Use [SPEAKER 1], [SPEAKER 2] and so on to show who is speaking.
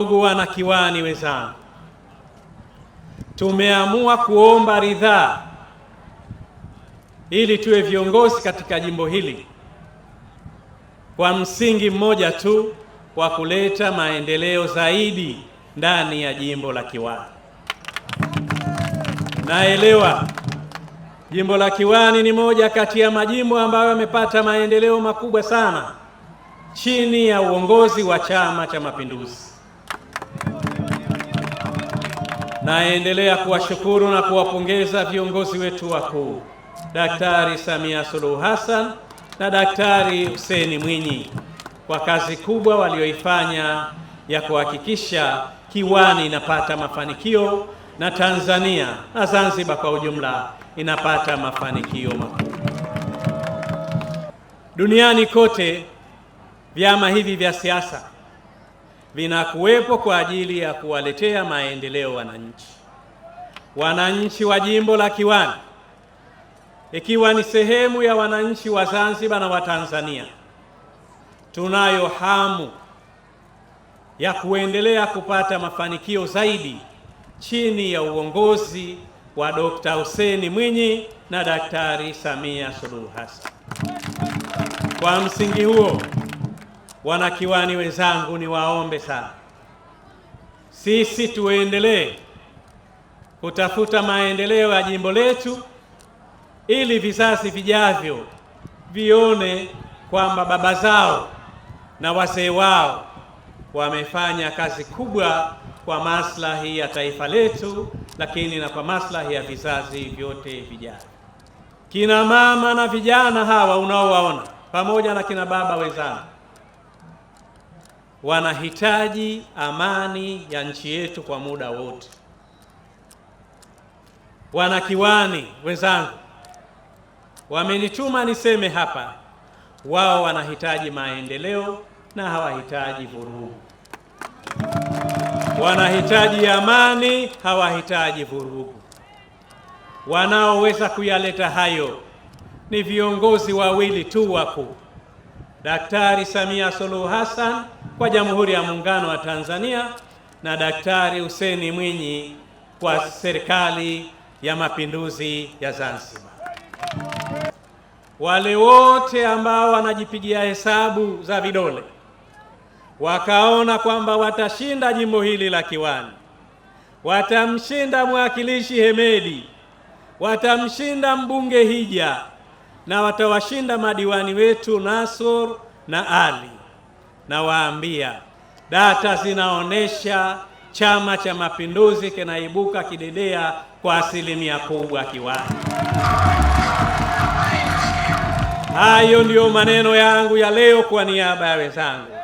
[SPEAKER 1] Ndugu wanakiwani wenzangu, tumeamua kuomba ridhaa ili tuwe viongozi katika jimbo hili kwa msingi mmoja tu wa kuleta maendeleo zaidi ndani ya jimbo la Kiwani. Naelewa jimbo la Kiwani ni moja kati ya majimbo ambayo yamepata maendeleo makubwa sana chini ya uongozi wa Chama cha Mapinduzi. Naendelea kuwashukuru na kuwapongeza viongozi wetu wakuu Daktari Samia Suluhu Hassan na Daktari Hussein Mwinyi kwa kazi kubwa walioifanya ya kuhakikisha Kiwani inapata mafanikio na Tanzania na Zanzibar kwa ujumla inapata mafanikio makubwa. Duniani kote vyama hivi vya siasa vinakuwepo kwa ajili ya kuwaletea maendeleo wananchi. Wananchi wa jimbo la Kiwani, ikiwa ni sehemu ya wananchi wa Zanzibar na wa Tanzania, tunayo hamu ya kuendelea kupata mafanikio zaidi chini ya uongozi wa Dr. Hussein Mwinyi na Daktari Samia Suluhu Hassan. Kwa msingi huo Wanakiwani wenzangu, ni waombe sana, sisi tuendelee kutafuta maendeleo ya jimbo letu ili vizazi vijavyo vione kwamba baba zao na wazee wao wamefanya kazi kubwa kwa maslahi ya taifa letu, lakini na kwa maslahi ya vizazi vyote vijana Kina mama na vijana hawa unaowaona pamoja na kina baba wenzangu wanahitaji amani ya nchi yetu kwa muda wote. Wanakiwani wenzangu wamenituma niseme hapa, wao wanahitaji maendeleo na hawahitaji vurugu. Wanahitaji amani, hawahitaji vurugu. Wanaoweza kuyaleta hayo ni viongozi wawili tu wakuu, Daktari Samia Suluhu Hassan kwa Jamhuri ya Muungano wa Tanzania na Daktari Hussein Mwinyi kwa Serikali ya Mapinduzi ya Zanzibar. Wale wote ambao wanajipigia hesabu za vidole wakaona kwamba watashinda jimbo hili la Kiwani, watamshinda mwakilishi Hemedi, watamshinda mbunge Hija na watawashinda madiwani wetu Nasor na Ali. Nawaambia, data zinaonyesha Chama cha Mapinduzi kinaibuka kidedea kwa asilimia kubwa kiwani. Hayo ndiyo maneno yangu ya leo kwa niaba ya wenzangu.